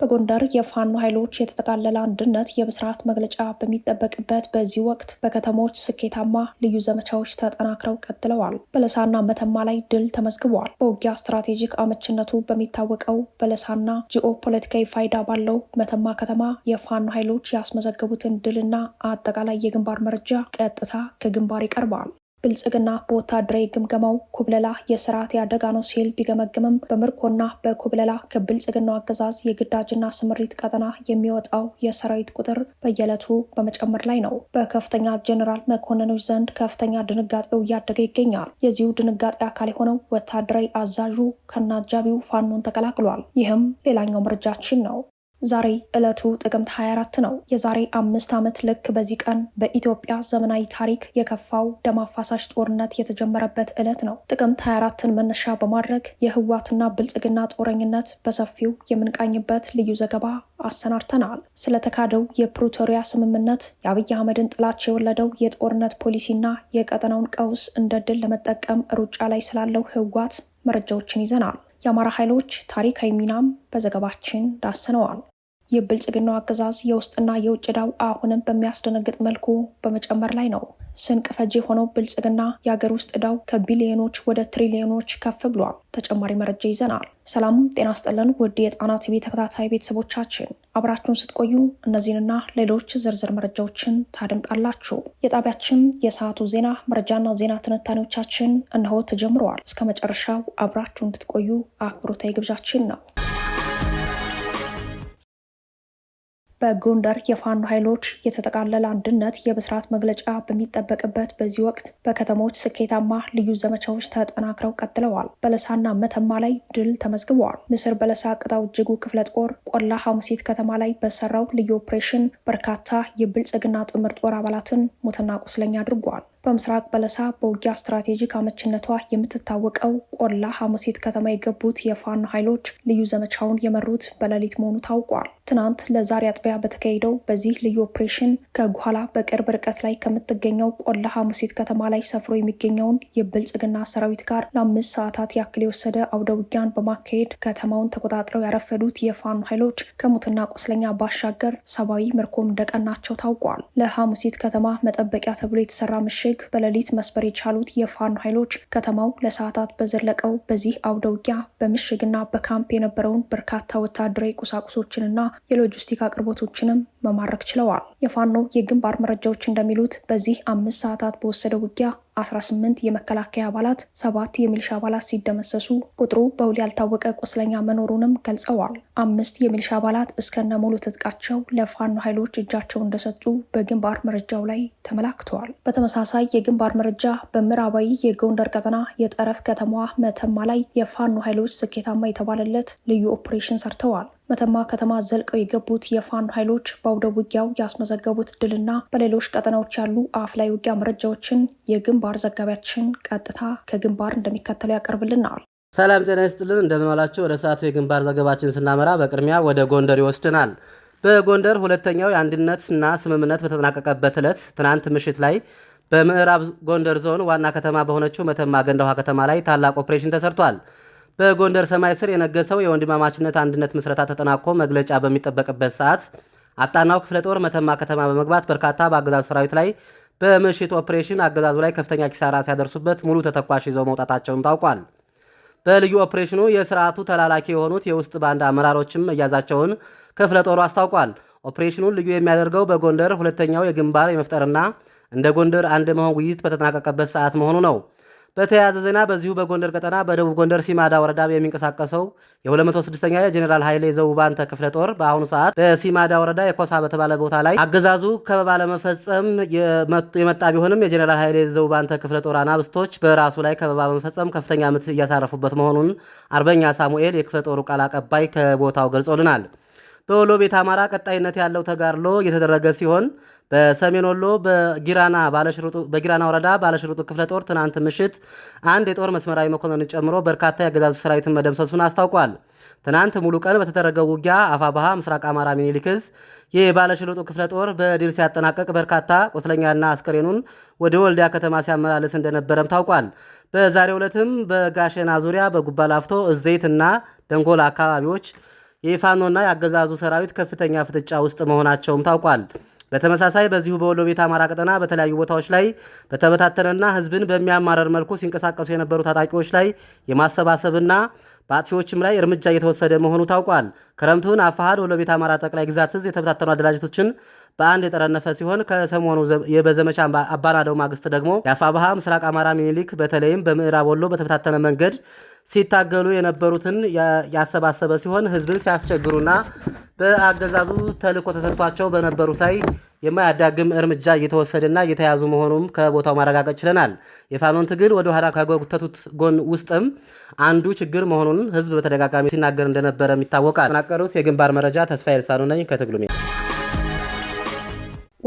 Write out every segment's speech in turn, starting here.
በጎንደር የፋኖ ኃይሎች የተጠቃለለ አንድነት የብስራት መግለጫ በሚጠበቅበት በዚህ ወቅት በከተሞች ስኬታማ ልዩ ዘመቻዎች ተጠናክረው ቀጥለዋል። በለሳና መተማ ላይ ድል ተመዝግበዋል። በውጊያ ስትራቴጂክ አመችነቱ በሚታወቀው በለሳና ጂኦ ፖለቲካዊ ፋይዳ ባለው መተማ ከተማ የፋኖ ኃይሎች ያስመዘገቡትን ድልና አጠቃላይ የግንባር መረጃ ቀጥታ ከግንባር ይቀርባል። ብልጽግና በወታደራዊ ግምገማው ኩብለላ የስርዓት ያደጋ ነው ሲል ቢገመግምም በምርኮና በኩብለላ ከብልጽግናው አገዛዝ የግዳጅና ስምሪት ቀጠና የሚወጣው የሰራዊት ቁጥር በየዕለቱ በመጨመር ላይ ነው። በከፍተኛ ጀኔራል መኮንኖች ዘንድ ከፍተኛ ድንጋጤው እያደገ ይገኛል። የዚሁ ድንጋጤ አካል የሆነው ወታደራዊ አዛዡ ከናጃቢው አጃቢው ፋኖን ተቀላቅሏል። ይህም ሌላኛው መረጃችን ነው። ዛሬ ዕለቱ ጥቅምት 24 ነው። የዛሬ አምስት ዓመት ልክ በዚህ ቀን በኢትዮጵያ ዘመናዊ ታሪክ የከፋው ደም አፋሳሽ ጦርነት የተጀመረበት ዕለት ነው። ጥቅምት 24ን መነሻ በማድረግ የህዋትና ብልጽግና ጦረኝነት በሰፊው የምንቃኝበት ልዩ ዘገባ አሰናድተናል። ስለተካደው የፕሪቶሪያ ስምምነት፣ የአብይ አህመድን ጥላች የወለደው የጦርነት ፖሊሲና የቀጠናውን ቀውስ እንደ ድል ለመጠቀም ሩጫ ላይ ስላለው ህዋት መረጃዎችን ይዘናል። የአማራ ኃይሎች ታሪካዊ ሚናም በዘገባችን ዳስነዋል። የብልጽግናው አገዛዝ የውስጥና የውጭ ዕዳው አሁንም በሚያስደነግጥ መልኩ በመጨመር ላይ ነው። ስንቅ ፈጅ የሆነው ብልጽግና የአገር ውስጥ ዕዳው ከቢሊዮኖች ወደ ትሪሊዮኖች ከፍ ብሏል። ተጨማሪ መረጃ ይዘናል። ሰላም ጤና ስጥልን ውድ የጣና ቲቪ ተከታታይ ቤተሰቦቻችን አብራችሁን ስትቆዩ እነዚህንና ሌሎች ዝርዝር መረጃዎችን ታደምጣላችሁ። የጣቢያችን የሰዓቱ ዜና መረጃና ዜና ትንታኔዎቻችን እነሆ ተጀምረዋል። እስከ መጨረሻው አብራችሁ እንድትቆዩ አክብሮታዊ ግብዣችን ነው። በጎንደር የፋኖ ኃይሎች የተጠቃለለ አንድነት የብስራት መግለጫ በሚጠበቅበት በዚህ ወቅት በከተሞች ስኬታማ ልዩ ዘመቻዎች ተጠናክረው ቀጥለዋል። በለሳና መተማ ላይ ድል ተመዝግበዋል። ምስር በለሳ ቅጣው እጅጉ ክፍለ ጦር ቆላ ሐሙሴት ከተማ ላይ በሰራው ልዩ ኦፕሬሽን በርካታ የብልጽግና ጥምር ጦር አባላትን ሞትና ቁስለኛ አድርጓል። በምስራቅ በለሳ በውጊያ ስትራቴጂክ አመችነቷ የምትታወቀው ቆላ ሐሙሴት ከተማ የገቡት የፋኖ ኃይሎች ልዩ ዘመቻውን የመሩት በሌሊት መሆኑ ታውቋል። ትናንት ለዛሬ አጥቢያ በተካሄደው በዚህ ልዩ ኦፕሬሽን ከጓኋላ በቅርብ ርቀት ላይ ከምትገኘው ቆላ ሐሙሴት ከተማ ላይ ሰፍሮ የሚገኘውን የብልጽግና ሰራዊት ጋር ለአምስት ሰዓታት ያክል የወሰደ አውደ ውጊያን በማካሄድ ከተማውን ተቆጣጥረው ያረፈዱት የፋኖ ኃይሎች ከሙትና ቁስለኛ ባሻገር ሰብአዊ ምርኮም እንደቀናቸው ታውቋል። ለሐሙሲት ከተማ መጠበቂያ ተብሎ የተሰራ ምሽግ በመሸግ በሌሊት መስበር የቻሉት የፋኖ ኃይሎች ከተማው ለሰዓታት በዘለቀው በዚህ አውደ ውጊያ በምሽግና በካምፕ የነበረውን በርካታ ወታደራዊ ቁሳቁሶችንና የሎጂስቲክ አቅርቦቶችንም መማረክ ችለዋል። የፋኖ የግንባር መረጃዎች እንደሚሉት በዚህ አምስት ሰዓታት በወሰደው ውጊያ 18 የመከላከያ አባላት፣ ሰባት የሚሊሻ አባላት ሲደመሰሱ ቁጥሩ በውል ያልታወቀ ቁስለኛ መኖሩንም ገልጸዋል። አምስት የሚሊሻ አባላት እስከነ ሙሉ ትጥቃቸው ለፋኖ ኃይሎች እጃቸው እንደሰጡ በግንባር መረጃው ላይ ተመላክተዋል። በተመሳሳይ የግንባር መረጃ በምዕራባዊ የጎንደር ቀጠና የጠረፍ ከተማዋ መተማ ላይ የፋኖ ኃይሎች ስኬታማ የተባለለት ልዩ ኦፕሬሽን ሰርተዋል። መተማ ከተማ ዘልቀው የገቡት የፋኖ ኃይሎች በአውደ ውጊያው ያስመዘገቡት ድልና በሌሎች ቀጠናዎች ያሉ አፍ ላይ ውጊያ መረጃዎችን የግንባር ዘጋቢያችን ቀጥታ ከግንባር እንደሚከተለው ያቀርብልናል። ሰላም ጤና ይስጥልን፣ እንደምንዋላቸው ወደ ሰዓቱ የግንባር ዘገባችን ስናመራ በቅድሚያ ወደ ጎንደር ይወስድናል። በጎንደር ሁለተኛው የአንድነትና ስምምነት በተጠናቀቀበት ዕለት ትናንት ምሽት ላይ በምዕራብ ጎንደር ዞን ዋና ከተማ በሆነችው መተማ ገንዳ ውሃ ከተማ ላይ ታላቅ ኦፕሬሽን ተሰርቷል። በጎንደር ሰማይ ስር የነገሰው የወንድማማችነት አንድነት ምስረታ ተጠናቆ መግለጫ በሚጠበቅበት ሰዓት አጣናው ክፍለ ጦር መተማ ከተማ በመግባት በርካታ በአገዛዝ ሰራዊት ላይ በምሽት ኦፕሬሽን አገዛዙ ላይ ከፍተኛ ኪሳራ ሲያደርሱበት ሙሉ ተተኳሽ ይዘው መውጣታቸውም ታውቋል። በልዩ ኦፕሬሽኑ የስርዓቱ ተላላኪ የሆኑት የውስጥ ባንድ አመራሮችም መያዛቸውን ክፍለ ጦሩ አስታውቋል። ኦፕሬሽኑን ልዩ የሚያደርገው በጎንደር ሁለተኛው የግንባር የመፍጠርና እንደ ጎንደር አንድ መሆን ውይይት በተጠናቀቀበት ሰዓት መሆኑ ነው። በተያያዘ ዜና በዚሁ በጎንደር ቀጠና በደቡብ ጎንደር ሲማዳ ወረዳ የሚንቀሳቀሰው የ206ኛ የጀኔራል ኃይሌ ዘውባንተ ክፍለ ጦር በአሁኑ ሰዓት በሲማዳ ወረዳ የኮሳ በተባለ ቦታ ላይ አገዛዙ ከበባ ለመፈጸም የመጣ ቢሆንም የጀኔራል ኃይሌ ዘውባንተ ክፍለ ጦር አናብስቶች በራሱ ላይ ከበባ በመፈጸም ከፍተኛ ምት እያሳረፉበት መሆኑን አርበኛ ሳሙኤል የክፍለ ጦሩ ቃል አቀባይ ከቦታው ገልጾልናል። በወሎ ቤት አማራ ቀጣይነት ያለው ተጋድሎ እየተደረገ ሲሆን በሰሜን ወሎ በጊራና ወረዳ ባለሽርጡ ክፍለ ጦር ትናንት ምሽት አንድ የጦር መስመራዊ መኮንንን ጨምሮ በርካታ የአገዛዙ ሰራዊትን መደምሰሱን አስታውቋል። ትናንት ሙሉ ቀን በተደረገው ውጊያ አፋባሃ ምስራቅ አማራ ሚኒሊክዝ የባለሽርጡ ክፍለ ጦር በድል ሲያጠናቀቅ በርካታ ቁስለኛና አስከሬኑን ወደ ወልዲያ ከተማ ሲያመላለስ እንደነበረም ታውቋል። በዛሬ ዕለትም በጋሸና ዙሪያ በጉባ ላፍቶ እዘይት ደንጎላ አካባቢዎች የፋኖና የአገዛዙ ሰራዊት ከፍተኛ ፍጥጫ ውስጥ መሆናቸውም ታውቋል። በተመሳሳይ በዚሁ በወሎ ቤት አማራ ቀጠና በተለያዩ ቦታዎች ላይ በተበታተነና ህዝብን በሚያማረር መልኩ ሲንቀሳቀሱ የነበሩ ታጣቂዎች ላይ የማሰባሰብና በአጥፊዎችም ላይ እርምጃ እየተወሰደ መሆኑ ታውቋል። ክረምቱን አፋሃድ ወሎ ቤት አማራ ጠቅላይ ግዛት እዝ የተበታተኑ አደራጀቶችን በአንድ የጠረነፈ ሲሆን ከሰሞኑ በዘመቻ አባናደው ማግስት ደግሞ የአፋብሃ ምስራቅ አማራ ሚኒሊክ በተለይም በምዕራብ ወሎ በተበታተነ መንገድ ሲታገሉ የነበሩትን ያሰባሰበ ሲሆን ህዝብን ሲያስቸግሩና በአገዛዙ ተልዕኮ ተሰጥቷቸው በነበሩት ላይ የማያዳግም እርምጃ እየተወሰደና እየተያዙ መሆኑም ከቦታው ማረጋገጥ ችለናል። የፋኖን ትግል ወደ ኋላ ከጎተቱት ጎን ውስጥም አንዱ ችግር መሆኑን ህዝብ በተደጋጋሚ ሲናገር እንደነበረም ይታወቃል። ተናቀሩት የግንባር መረጃ ተስፋ የልሳኑ ነኝ ከትግሉ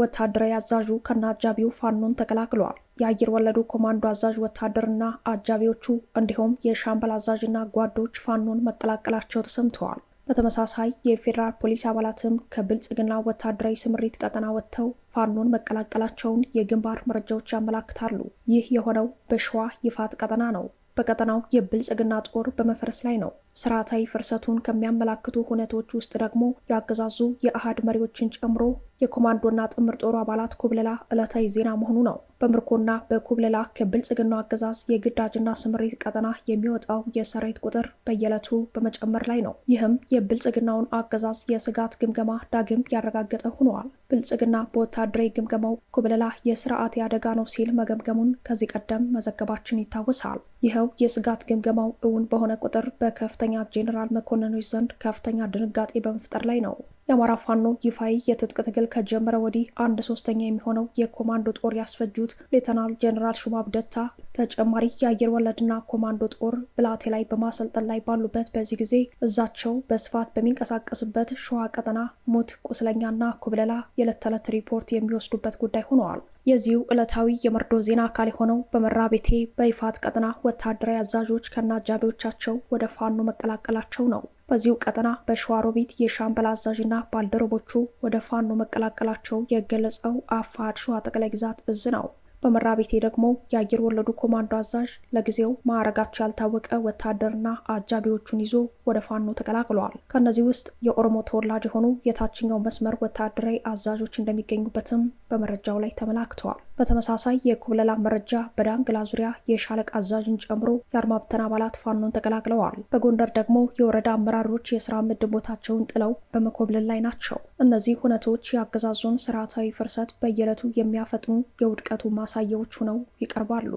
ወታደራዊ አዛዡ ከነ አጃቢው ፋኖን ተቀላቅለዋል። የአየር ወለዱ ኮማንዶ አዛዥ ወታደርና አጃቢዎቹ እንዲሁም የሻምበል አዛዥና ጓዶች ፋኖን መቀላቀላቸው ተሰምተዋል። በተመሳሳይ የፌዴራል ፖሊስ አባላትም ከብልጽግና ወታደራዊ ስምሪት ቀጠና ወጥተው ፋኖን መቀላቀላቸውን የግንባር መረጃዎች ያመላክታሉ። ይህ የሆነው በሸዋ ይፋት ቀጠና ነው። በቀጠናው የብልጽግና ጦር በመፍረስ ላይ ነው። ስርዓታዊ ፍርሰቱን ከሚያመላክቱ ሁነቶች ውስጥ ደግሞ የአገዛዙ የአሃድ መሪዎችን ጨምሮ የኮማንዶና ጥምር ጦሩ አባላት ኩብለላ ዕለታዊ ዜና መሆኑ ነው። በምርኮና በኩብለላ ከብልጽግናው አገዛዝ የግዳጅና ስምሪት ቀጠና የሚወጣው የሰራዊት ቁጥር በየዕለቱ በመጨመር ላይ ነው። ይህም የብልጽግናውን አገዛዝ የስጋት ግምገማ ዳግም ያረጋገጠ ሆነዋል። ብልጽግና በወታደራዊ ግምገማው ኩብለላ የስርዓት ያደጋ ነው ሲል መገምገሙን ከዚህ ቀደም መዘገባችን ይታወሳል። ይኸው የስጋት ግምገማው እውን በሆነ ቁጥር በከፍተ ከፍተኛ ጄኔራል መኮንኖች ዘንድ ከፍተኛ ድንጋጤ በመፍጠር ላይ ነው። የአማራ ፋኖ ይፋይ የትጥቅ ትግል ከጀመረ ወዲህ አንድ ሶስተኛ የሚሆነው የኮማንዶ ጦር ያስፈጁት ሌተናል ጀኔራል ሹማብ ደታ ተጨማሪ የአየር ወለድና ኮማንዶ ጦር ብላቴ ላይ በማሰልጠን ላይ ባሉበት በዚህ ጊዜ እዛቸው በስፋት በሚንቀሳቀስበት ሸዋ ቀጠና ሞት፣ ቁስለኛና ኩብለላ የዕለት ተዕለት ሪፖርት የሚወስዱበት ጉዳይ ሆነዋል። የዚሁ ዕለታዊ የመርዶ ዜና አካል የሆነው በመራ ቤቴ በይፋት ቀጠና ወታደራዊ አዛዦች ከነ አጃቢዎቻቸው ወደ ፋኖ መቀላቀላቸው ነው። በዚሁ ቀጠና በሸዋሮቢት የሻምበል አዛዥና ባልደረቦቹ ወደ ፋኖ መቀላቀላቸው የገለጸው አፋድ ሸዋ ጠቅላይ ግዛት እዝ ነው። በመራ ቤቴ ደግሞ የአየር ወለዱ ኮማንዶ አዛዥ ለጊዜው ማዕረጋቸው ያልታወቀ ወታደርና አጃቢዎቹን ይዞ ወደ ፋኖ ተቀላቅለዋል። ከእነዚህ ውስጥ የኦሮሞ ተወላጅ የሆኑ የታችኛው መስመር ወታደራዊ አዛዦች እንደሚገኙበትም በመረጃው ላይ ተመላክተዋል። በተመሳሳይ የኩብለላ መረጃ በዳንግላ ዙሪያ የሻለቃ አዛዥን ጨምሮ የአርማብተን አባላት ፋኖን ተቀላቅለዋል። በጎንደር ደግሞ የወረዳ አመራሮች የስራ ምድብ ቦታቸውን ጥለው በመኮብለል ላይ ናቸው። እነዚህ ሁነቶች የአገዛዙን ስርዓታዊ ፍርሰት በየዕለቱ የሚያፈጥኑ የውድቀቱ ማሳያዎች ሆነው ይቀርባሉ።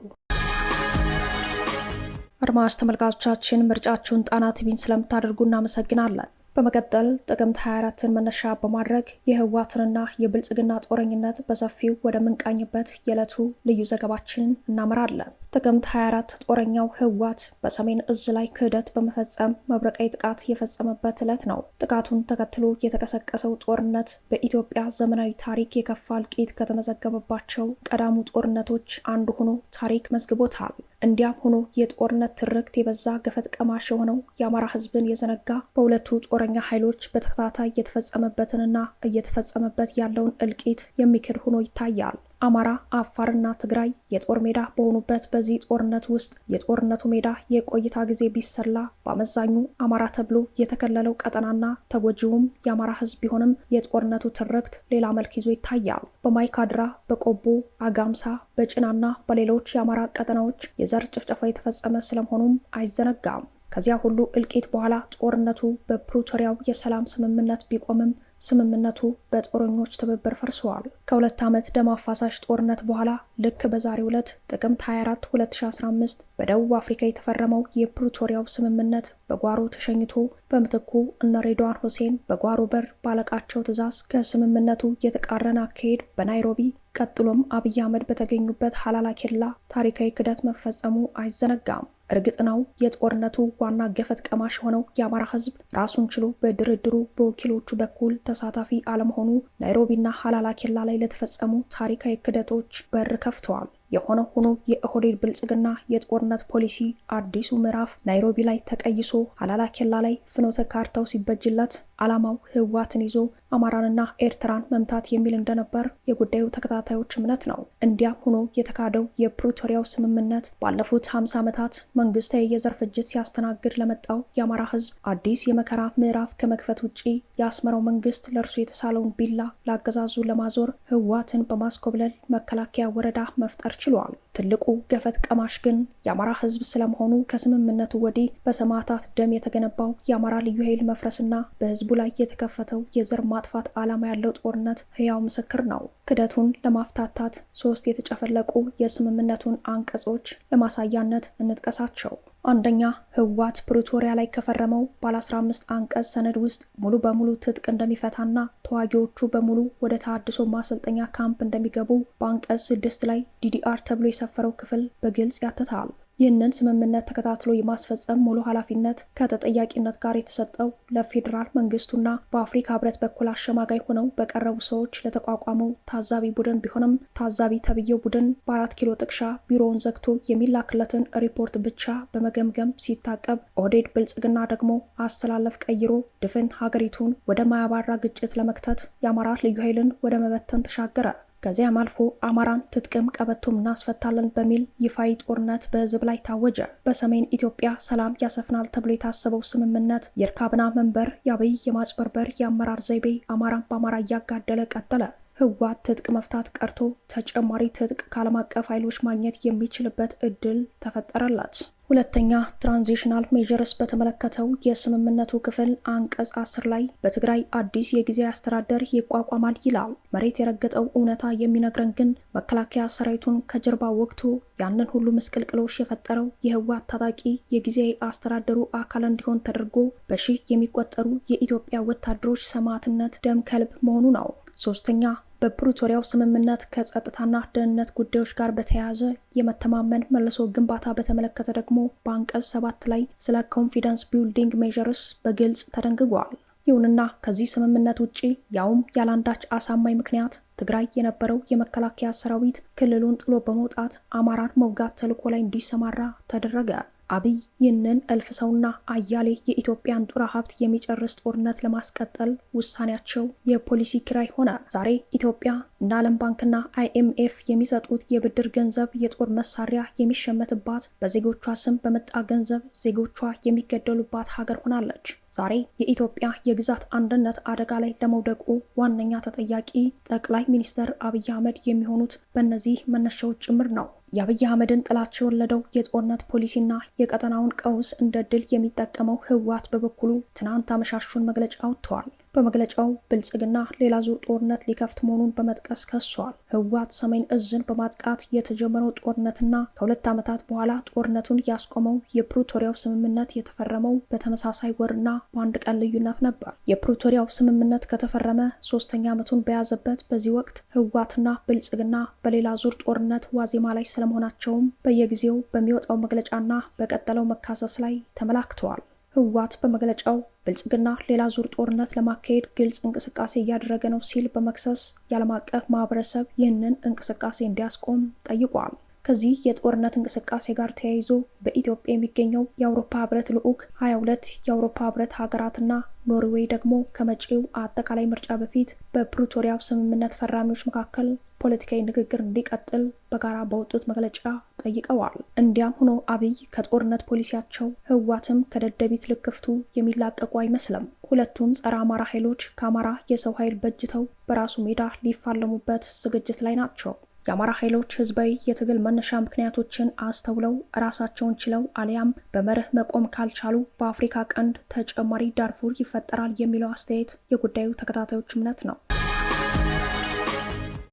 አድማጭ ተመልካቾቻችን ምርጫችሁን ጣና ቲቪን ስለምታደርጉ እናመሰግናለን። በመቀጠል ጥቅምት 24ን መነሻ በማድረግ የህወሓትንና የብልጽግና ጦረኝነት በሰፊው ወደምንቃኝበት የዕለቱ ልዩ ዘገባችንን እናመራለን። ጥቅምት 24 ጦረኛው ህወሓት በሰሜን እዝ ላይ ክህደት በመፈጸም መብረቃዊ ጥቃት የፈጸመበት ዕለት ነው። ጥቃቱን ተከትሎ የተቀሰቀሰው ጦርነት በኢትዮጵያ ዘመናዊ ታሪክ የከፋ እልቂት ከተመዘገበባቸው ቀዳሙ ጦርነቶች አንዱ ሆኖ ታሪክ መዝግቦታል። እንዲያም ሆኖ የጦርነት ትርክት የበዛ ገፈት ቀማሽ የሆነው የአማራ ህዝብን የዘነጋ በሁለቱ ጦረ በቅጥረኛ ኃይሎች በተከታታይ እየተፈጸመበትንና እየተፈጸመበት ያለውን እልቂት የሚክድ ሆኖ ይታያል። አማራ፣ አፋርና ትግራይ የጦር ሜዳ በሆኑበት በዚህ ጦርነት ውስጥ የጦርነቱ ሜዳ የቆይታ ጊዜ ቢሰላ በአመዛኙ አማራ ተብሎ የተከለለው ቀጠናና ተጎጂውም የአማራ ሕዝብ ቢሆንም የጦርነቱ ትርክት ሌላ መልክ ይዞ ይታያል። በማይካድራ፣ በቆቦ፣ አጋምሳ፣ በጭናና በሌሎች የአማራ ቀጠናዎች የዘር ጭፍጨፋ የተፈጸመ ስለመሆኑም አይዘነጋም። ከዚያ ሁሉ እልቂት በኋላ ጦርነቱ በፕሪቶሪያው የሰላም ስምምነት ቢቆምም ስምምነቱ በጦረኞች ትብብር ፈርሰዋል። ከሁለት ዓመት ደም አፋሳሽ ጦርነት በኋላ ልክ በዛሬ ዕለት ጥቅምት 24 2015 በደቡብ አፍሪካ የተፈረመው የፕሪቶሪያው ስምምነት በጓሮ ተሸኝቶ በምትኩ እነ ሬድዋን ሁሴን በጓሮ በር ባለቃቸው ትዕዛዝ ከስምምነቱ የተቃረነ አካሄድ በናይሮቢ ቀጥሎም አብይ አህመድ በተገኙበት ሀላላ ኬላ ታሪካዊ ክደት መፈጸሙ አይዘነጋም። እርግጥ ነው የጦርነቱ ዋና ገፈት ቀማሽ የሆነው የአማራ ሕዝብ ራሱን ችሎ በድርድሩ በወኪሎቹ በኩል ተሳታፊ አለመሆኑ ናይሮቢና ሀላላ ኬላ ላይ ለተፈጸሙ ታሪካዊ ክደቶች በር ከፍተዋል። የሆነ ሆኖ የኦህዴድ ብልጽግና የጦርነት ፖሊሲ አዲሱ ምዕራፍ ናይሮቢ ላይ ተቀይሶ አላላ ኬላ ላይ ፍኖተ ካርታው ሲበጅለት ዓላማው ህወሓትን ይዞ አማራንና ኤርትራን መምታት የሚል እንደነበር የጉዳዩ ተከታታዮች እምነት ነው። እንዲያም ሆኖ የተካደው የፕሪቶሪያው ስምምነት ባለፉት 50 ዓመታት መንግስታዊ የዘር ፍጅት ሲያስተናግድ ለመጣው የአማራ ህዝብ አዲስ የመከራ ምዕራፍ ከመክፈት ውጪ የአስመራው መንግስት ለእርሱ የተሳለውን ቢላ ለአገዛዙ ለማዞር ህወሓትን በማስኮብለል መከላከያ ወረዳ መፍጠር 吃完了。ትልቁ ገፈት ቀማሽ ግን የአማራ ሕዝብ ስለመሆኑ ከስምምነቱ ወዲህ በሰማዕታት ደም የተገነባው የአማራ ልዩ ኃይል መፍረስና በሕዝቡ ላይ የተከፈተው የዘር ማጥፋት ዓላማ ያለው ጦርነት ህያው ምስክር ነው። ክደቱን ለማፍታታት ሶስት የተጨፈለቁ የስምምነቱን አንቀጾች ለማሳያነት እንጥቀሳቸው። አንደኛ ህወሓት ፕሪቶሪያ ላይ ከፈረመው ባለ 15 አንቀጽ ሰነድ ውስጥ ሙሉ በሙሉ ትጥቅ እንደሚፈታና ተዋጊዎቹ በሙሉ ወደ ተሃድሶ ማሰልጠኛ ካምፕ እንደሚገቡ በአንቀጽ ስድስት ላይ ዲዲአር ተብሎ የሰፈረው ክፍል በግልጽ ያትታል። ይህንን ስምምነት ተከታትሎ የማስፈጸም ሙሉ ኃላፊነት ከተጠያቂነት ጋር የተሰጠው ለፌዴራል መንግስቱና በአፍሪካ ህብረት በኩል አሸማጋይ ሆነው በቀረቡ ሰዎች ለተቋቋመው ታዛቢ ቡድን ቢሆንም ታዛቢ ተብዬው ቡድን በአራት ኪሎ ጥቅሻ ቢሮውን ዘግቶ የሚላክለትን ሪፖርት ብቻ በመገምገም ሲታቀብ፣ ኦህዴድ ብልጽግና ደግሞ አስተላለፍ ቀይሮ ድፍን ሀገሪቱን ወደ ማያባራ ግጭት ለመክተት የአማራ ልዩ ኃይልን ወደ መበተን ተሻገረ። ከዚያም አልፎ አማራን ትጥቅም ቀበቶም እናስፈታለን በሚል ይፋዊ ጦርነት በህዝብ ላይ ታወጀ። በሰሜን ኢትዮጵያ ሰላም ያሰፍናል ተብሎ የታሰበው ስምምነት የእርካብና መንበር የአብይ የማጭበርበር የአመራር ዘይቤ አማራን በአማራ እያጋደለ ቀጠለ። ህወሓት ትጥቅ መፍታት ቀርቶ ተጨማሪ ትጥቅ ከዓለም አቀፍ ኃይሎች ማግኘት የሚችልበት እድል ተፈጠረላት። ሁለተኛ ትራንዚሽናል ሜጀርስ በተመለከተው የስምምነቱ ክፍል አንቀጽ አስር ላይ በትግራይ አዲስ የጊዜ አስተዳደር ይቋቋማል ይላል። መሬት የረገጠው እውነታ የሚነግረን ግን መከላከያ ሰራዊቱን ከጀርባ ወቅቱ ያንን ሁሉ ምስቅልቅሎች የፈጠረው የህወሓት ታጣቂ የጊዜ አስተዳደሩ አካል እንዲሆን ተደርጎ በሺህ የሚቆጠሩ የኢትዮጵያ ወታደሮች ሰማዕትነት ደም ከልብ መሆኑ ነው። ሶስተኛ በፕሪቶሪያው ስምምነት ከጸጥታና ደህንነት ጉዳዮች ጋር በተያያዘ የመተማመን መልሶ ግንባታ በተመለከተ ደግሞ በአንቀጽ ሰባት ላይ ስለ ኮንፊደንስ ቢልዲንግ ሜዥርስ በግልጽ ተደንግጓል። ይሁንና ከዚህ ስምምነት ውጪ ያውም ያለአንዳች አሳማኝ ምክንያት ትግራይ የነበረው የመከላከያ ሰራዊት ክልሉን ጥሎ በመውጣት አማራን መውጋት ተልዕኮ ላይ እንዲሰማራ ተደረገ። አብይ ይህንን እልፍ ሰውና አያሌ የኢትዮጵያን ጡረ ሀብት የሚጨርስ ጦርነት ለማስቀጠል ውሳኔያቸው የፖሊሲ ኪራይ ሆነ። ዛሬ ኢትዮጵያ እንደ ዓለም ባንክና አይኤምኤፍ የሚሰጡት የብድር ገንዘብ የጦር መሳሪያ የሚሸመትባት፣ በዜጎቿ ስም በመጣ ገንዘብ ዜጎቿ የሚገደሉባት ሀገር ሆናለች። ዛሬ የኢትዮጵያ የግዛት አንድነት አደጋ ላይ ለመውደቁ ዋነኛ ተጠያቂ ጠቅላይ ሚኒስትር አብይ አህመድ የሚሆኑት በእነዚህ መነሻዎች ጭምር ነው። የአብይ አህመድን ጥላቻ የወለደው የጦርነት ፖሊሲና የቀጠናውን ቀውስ እንደ ድል የሚጠቀመው ህወሓት በበኩሉ ትናንት አመሻሹን መግለጫ አውጥተዋል። በመግለጫው ብልጽግና ሌላ ዙር ጦርነት ሊከፍት መሆኑን በመጥቀስ ከሷል። ህወሓት ሰሜን እዝን በማጥቃት የተጀመረው ጦርነትና ከሁለት ዓመታት በኋላ ጦርነቱን ያስቆመው የፕሪቶሪያው ስምምነት የተፈረመው በተመሳሳይ ወርና በአንድ ቀን ልዩነት ነበር። የፕሪቶሪያው ስምምነት ከተፈረመ ሶስተኛ ዓመቱን በያዘበት በዚህ ወቅት ህወሓትና ብልጽግና በሌላ ዙር ጦርነት ዋዜማ ላይ ስለመሆናቸውም በየጊዜው በሚወጣው መግለጫና በቀጠለው መካሰስ ላይ ተመላክተዋል። ህወሓት በመግለጫው ብልጽግና ሌላ ዙር ጦርነት ለማካሄድ ግልጽ እንቅስቃሴ እያደረገ ነው ሲል በመክሰስ የዓለም አቀፍ ማህበረሰብ ይህንን እንቅስቃሴ እንዲያስቆም ጠይቋል። ከዚህ የጦርነት እንቅስቃሴ ጋር ተያይዞ በኢትዮጵያ የሚገኘው የአውሮፓ ህብረት ልዑክ 22 የአውሮፓ ህብረት ሀገራትና ኖርዌይ ደግሞ ከመጪው አጠቃላይ ምርጫ በፊት በፕሪቶሪያው ስምምነት ፈራሚዎች መካከል ፖለቲካዊ ንግግር እንዲቀጥል በጋራ በወጡት መግለጫ ጠይቀዋል። እንዲያም ሆኖ አብይ ከጦርነት ፖሊሲያቸው ህዋትም ከደደቢት ልክፍቱ የሚላቀቁ አይመስልም። ሁለቱም ጸረ አማራ ኃይሎች ከአማራ የሰው ኃይል በጅተው በራሱ ሜዳ ሊፋለሙበት ዝግጅት ላይ ናቸው። የአማራ ኃይሎች ህዝባዊ የትግል መነሻ ምክንያቶችን አስተውለው ራሳቸውን ችለው አሊያም በመርህ መቆም ካልቻሉ በአፍሪካ ቀንድ ተጨማሪ ዳርፉር ይፈጠራል የሚለው አስተያየት የጉዳዩ ተከታታዮች እምነት ነው።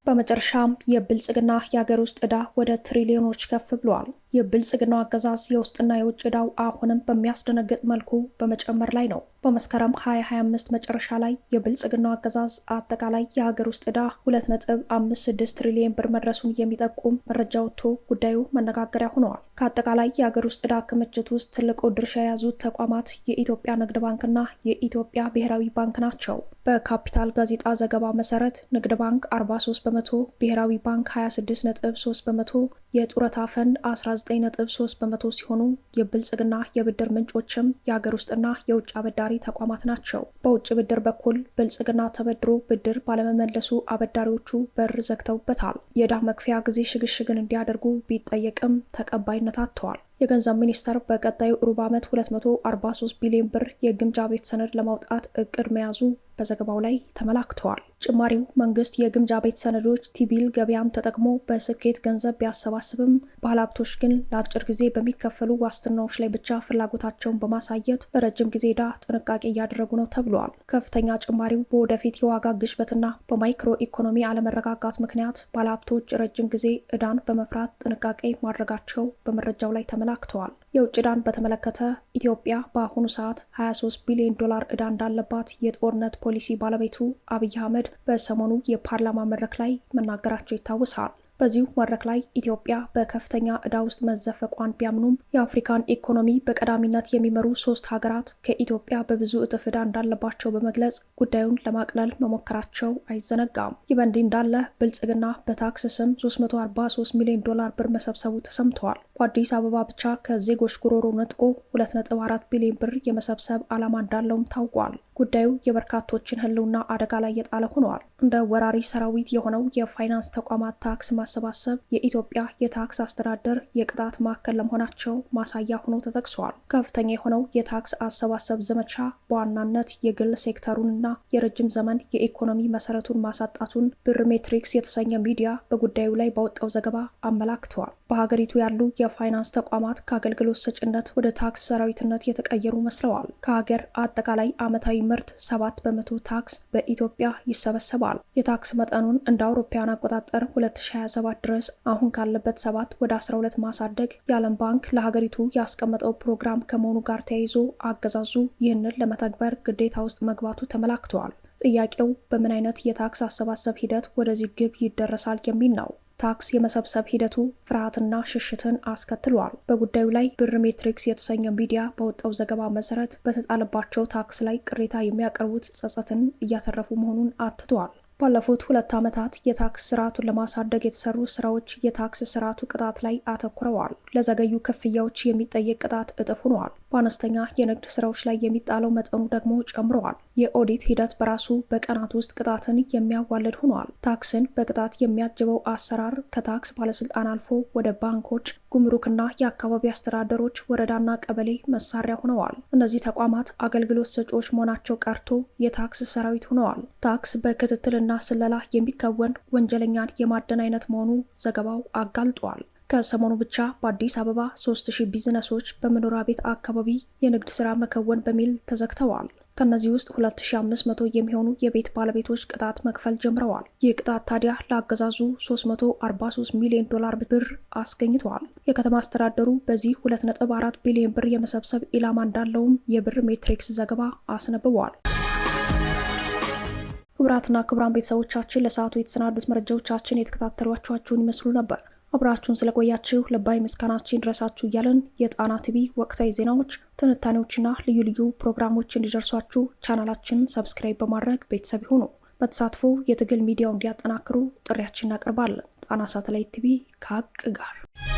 በመጨረሻም የብልጽግና የሀገር ውስጥ ዕዳ ወደ ትሪሊዮኖች ከፍ ብሏል። የብልጽግናው አገዛዝ የውስጥና የውጭ ዕዳው አሁንም በሚያስደነግጥ መልኩ በመጨመር ላይ ነው። በመስከረም 2025 መጨረሻ ላይ የብልጽግናው አገዛዝ አጠቃላይ የሀገር ውስጥ ዕዳ 2.56 ትሪሊየን ብር መድረሱን የሚጠቁም መረጃ ወጥቶ ጉዳዩ መነጋገሪያ ሆነዋል። ከአጠቃላይ የሀገር ውስጥ ዕዳ ክምችት ውስጥ ትልቁ ድርሻ የያዙት ተቋማት የኢትዮጵያ ንግድ ባንክና የኢትዮጵያ ብሔራዊ ባንክ ናቸው። በካፒታል ጋዜጣ ዘገባ መሰረት ንግድ ባንክ 43 በመቶ፣ ብሔራዊ ባንክ 26.3 በመቶ፣ የጡረታ ፈንድ 19.3 በመቶ ሲሆኑ የብልጽግና የብድር ምንጮችም የአገር ውስጥና የውጭ አበዳሪ ተቋማት ናቸው። በውጭ ብድር በኩል ብልጽግና ተበድሮ ብድር ባለመመለሱ አበዳሪዎቹ በር ዘግተውበታል። የዕዳ መክፈያ ጊዜ ሽግሽግን እንዲያደርጉ ቢጠየቅም ተቀባይነት አጥተዋል። የገንዘብ ሚኒስቴር በቀጣዩ ሩብ ዓመት 243 ቢሊዮን ብር የግምጃ ቤት ሰነድ ለማውጣት እቅድ መያዙ በዘገባው ላይ ተመላክተዋል። ጭማሪው መንግስት የግምጃ ቤት ሰነዶች ቲቢል ገበያን ተጠቅሞ በስኬት ገንዘብ ቢያሰባስብም ባለሀብቶች ግን ለአጭር ጊዜ በሚከፈሉ ዋስትናዎች ላይ ብቻ ፍላጎታቸውን በማሳየት ለረጅም ጊዜ ዕዳ ጥንቃቄ እያደረጉ ነው ተብለዋል። ከፍተኛ ጭማሪው በወደፊት የዋጋ ግሽበትና በማይክሮ ኢኮኖሚ አለመረጋጋት ምክንያት ባለሀብቶች ረጅም ጊዜ ዕዳን በመፍራት ጥንቃቄ ማድረጋቸው በመረጃው ላይ ተመ አመላክተዋል። የውጭ ዕዳን በተመለከተ ኢትዮጵያ በአሁኑ ሰዓት 23 ቢሊዮን ዶላር ዕዳ እንዳለባት የጦርነት ፖሊሲ ባለቤቱ አብይ አህመድ በሰሞኑ የፓርላማ መድረክ ላይ መናገራቸው ይታወሳል። በዚሁ መድረክ ላይ ኢትዮጵያ በከፍተኛ ዕዳ ውስጥ መዘፈቋን ቢያምኑም የአፍሪካን ኢኮኖሚ በቀዳሚነት የሚመሩ ሶስት ሀገራት ከኢትዮጵያ በብዙ እጥፍ ዕዳ እንዳለባቸው በመግለጽ ጉዳዩን ለማቅለል መሞከራቸው አይዘነጋም። ይህ በእንዲህ እንዳለ ብልጽግና በታክስ ስም 343 ሚሊዮን ዶላር ብር መሰብሰቡ ተሰምተዋል። በአዲስ አበባ ብቻ ከዜጎች ጉሮሮ ነጥቆ 2.4 ቢሊዮን ብር የመሰብሰብ ዓላማ እንዳለውም ታውቋል። ጉዳዩ የበርካቶችን ህልውና አደጋ ላይ የጣለ ሆኗል። እንደ ወራሪ ሰራዊት የሆነው የፋይናንስ ተቋማት ታክስ ማሰባሰብ የኢትዮጵያ የታክስ አስተዳደር የቅጣት ማዕከል ለመሆናቸው ማሳያ ሆኖ ተጠቅሷል። ከፍተኛ የሆነው የታክስ አሰባሰብ ዘመቻ በዋናነት የግል ሴክተሩንና የረጅም ዘመን የኢኮኖሚ መሰረቱን ማሳጣቱን ብር ሜትሪክስ የተሰኘ ሚዲያ በጉዳዩ ላይ ባወጣው ዘገባ አመላክተዋል። በሀገሪቱ ያሉ የ የፋይናንስ ተቋማት ከአገልግሎት ሰጭነት ወደ ታክስ ሰራዊትነት የተቀየሩ መስለዋል። ከሀገር አጠቃላይ ዓመታዊ ምርት ሰባት በመቶ ታክስ በኢትዮጵያ ይሰበሰባል። የታክስ መጠኑን እንደ አውሮፓውያን አቆጣጠር 2027 ድረስ አሁን ካለበት ሰባት ወደ 12 ማሳደግ የዓለም ባንክ ለሀገሪቱ ያስቀመጠው ፕሮግራም ከመሆኑ ጋር ተያይዞ አገዛዙ ይህንን ለመተግበር ግዴታ ውስጥ መግባቱ ተመላክተዋል። ጥያቄው በምን አይነት የታክስ አሰባሰብ ሂደት ወደዚህ ግብ ይደረሳል የሚል ነው። ታክስ የመሰብሰብ ሂደቱ ፍርሃትና ሽሽትን አስከትሏል። በጉዳዩ ላይ ብር ሜትሪክስ የተሰኘ ሚዲያ በወጣው ዘገባ መሰረት በተጣለባቸው ታክስ ላይ ቅሬታ የሚያቀርቡት ጸጸትን እያተረፉ መሆኑን አትተዋል። ባለፉት ሁለት ዓመታት የታክስ ስርዓቱን ለማሳደግ የተሰሩ ስራዎች የታክስ ስርዓቱ ቅጣት ላይ አተኩረዋል። ለዘገዩ ክፍያዎች የሚጠየቅ ቅጣት እጥፍ ሆኗል። በአነስተኛ የንግድ ስራዎች ላይ የሚጣለው መጠኑ ደግሞ ጨምረዋል። የኦዲት ሂደት በራሱ በቀናት ውስጥ ቅጣትን የሚያዋልድ ሆኗል። ታክስን በቅጣት የሚያጅበው አሰራር ከታክስ ባለስልጣን አልፎ ወደ ባንኮች፣ ጉምሩክና የአካባቢ አስተዳደሮች ወረዳና ቀበሌ መሳሪያ ሆነዋል። እነዚህ ተቋማት አገልግሎት ሰጪዎች መሆናቸው ቀርቶ የታክስ ሰራዊት ሆነዋል። ታክስ በክትትልና ስለላ የሚከወን ወንጀለኛን የማደን አይነት መሆኑ ዘገባው አጋልጧል። ከሰሞኑ ብቻ በአዲስ አበባ 3000 ቢዝነሶች በመኖሪያ ቤት አካባቢ የንግድ ስራ መከወን በሚል ተዘግተዋል። ከእነዚህ ውስጥ 2500 የሚሆኑ የቤት ባለቤቶች ቅጣት መክፈል ጀምረዋል። ይህ ቅጣት ታዲያ ለአገዛዙ 343 ሚሊዮን ዶላር ብር አስገኝተዋል። የከተማ አስተዳደሩ በዚህ 2.4 ቢሊዮን ብር የመሰብሰብ ኢላማ እንዳለውም የብር ሜትሪክስ ዘገባ አስነብቧል። ክቡራትና ክቡራን ቤተሰቦቻችን ለሰዓቱ የተሰናዱት መረጃዎቻችን የተከታተሏችኋችሁን ይመስሉ ነበር። አብራችሁን ስለቆያችሁ ልባዊ ምስጋናችን ድረሳችሁ እያለን የጣና ቲቪ ወቅታዊ ዜናዎች፣ ትንታኔዎችና ልዩ ልዩ ፕሮግራሞች እንዲደርሷችሁ ቻናላችን ሰብስክራይብ በማድረግ ቤተሰብ ይሁኑ። በተሳትፎ የትግል ሚዲያውን እንዲያጠናክሩ ጥሪያችን እናቀርባለን። ጣና ሳተላይት ቲቪ ከሀቅ ጋር